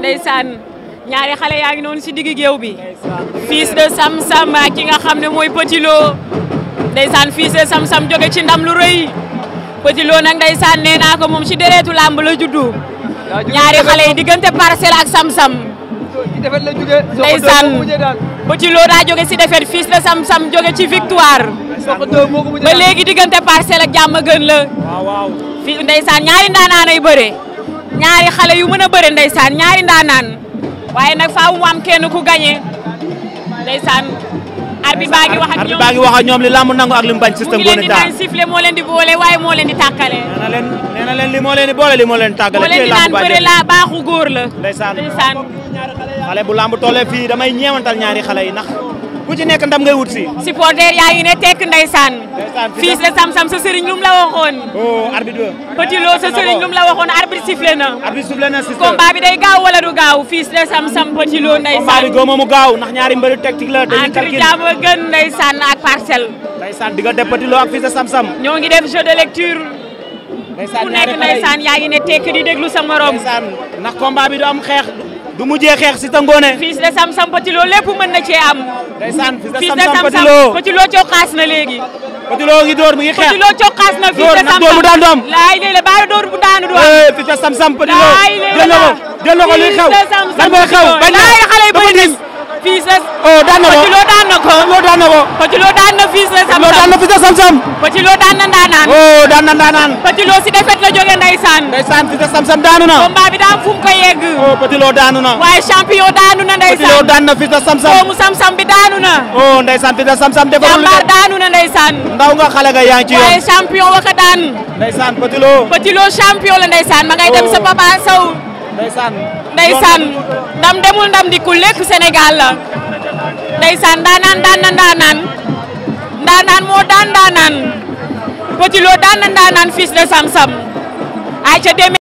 ndeysaan ñaari xale yaa non noonu si digg bi fils de Sam Sam ak ki nga xam ne mooy Petit Lo ndeysaan fils de Sam Sam jóge ci ndam lu rëy Petit Lo nag ndeysaan nee naa ko moom si déreetu làmb la juddu ñaari xale yi diggante ak Sam Sam Petit Lo daa jóge fils de Sam Sam ci victoire ba léegi diggante Parcelles ak jàmm gën la fi ndeysaan ñaari ñaari xale yu mën a bëre ndeysaan ñaari ndaanaan waaye nag faaw mu kenn ku gañe ndeysaan arbitre baa ngi wax ak ñoom arbitre baa ngi wax ak ñoom li làmb nangu ak li mu bañ système mu leen di bañ sifflé moo leen di boole waaye moo leen di tàkkale nee leen nee na leen li moo leen di boole li moo leen di tàkkale moo leen di naan bëre la baaxu góor la ndeysaan xale bu làmb tollee fii damay ñeewantal ñaari xale yi ndax ku ci nekk ndam ngay wut si. supporter yaa ngi ne tekk ndeysaan. fils de Sam Sam sa sëriñ lu mu la waxoon. oh arbitre. waxoon arbitre sifflé na. arbitre sifflé na sister. combat bi day gaaw wala du gaaw fils de Sam Sam Petit Lo ndeysaan. combat bi góobo mu gaaw nax ñaari mbëri tactique la. dañuy calcul entre gën ndeysaan ak parcelle. ndeysaan diggante Petit Lo ak fils de Sam Sam. ñoo ngi def jeu de lecture. ndeysaan ñaari xale yi yaa ngi ne tekk di déglu sa morom. ndeysaan ndax combat bi du xeex. du mujjee xeex si ta ngoone. fils de Sam Sam Petit Lo lépp mën na cee am. ndeysaan fils de Sam Sam Petit Lo na léegi. Petit Lo ngi door na. fils daan doom. laay léegi baal door bu daan doom. fils de Sam Sam Petit Lo. la jël na ko luy xew lan mooy xew bañ na dafa diis. fils de oh, daan na ko Petit Lo daan na ko. daan na ko Petit Lo daan na fils de Sam Sam. Petit Lo daan na fils de Sam Sam. Petit daan na daan na ndaanaan. Oh, Petit Lo si defet la jóge ndeysaan ndeysaan Fils de Samsam daanu na combat bi daa am fu mu ko yegg oh Petit Lo daanu na waaye champion daanu na ndeysaan Petit Lo daanu na Fils de Samsam doomu Samsam bi daanu na oh ndeysaan Fils de Samsam defal jàmbaar daanu na ndeysaan ndaw nga xale nga yaa ngi ci yoon waaye champion waka daan ndeysaan Petit Lo Petit Lo champion la ndeysaan ma ngay dem oh. sa papa Sow ndeysaan ndeysaan ndam demul ndam di ku lekk Sénégal la ndeysaan ndaanaan daan na ndaanaan ndaanaan moo daan ndaanaan Petit Lo daan na ndaanaan Fils de Samsam ay ca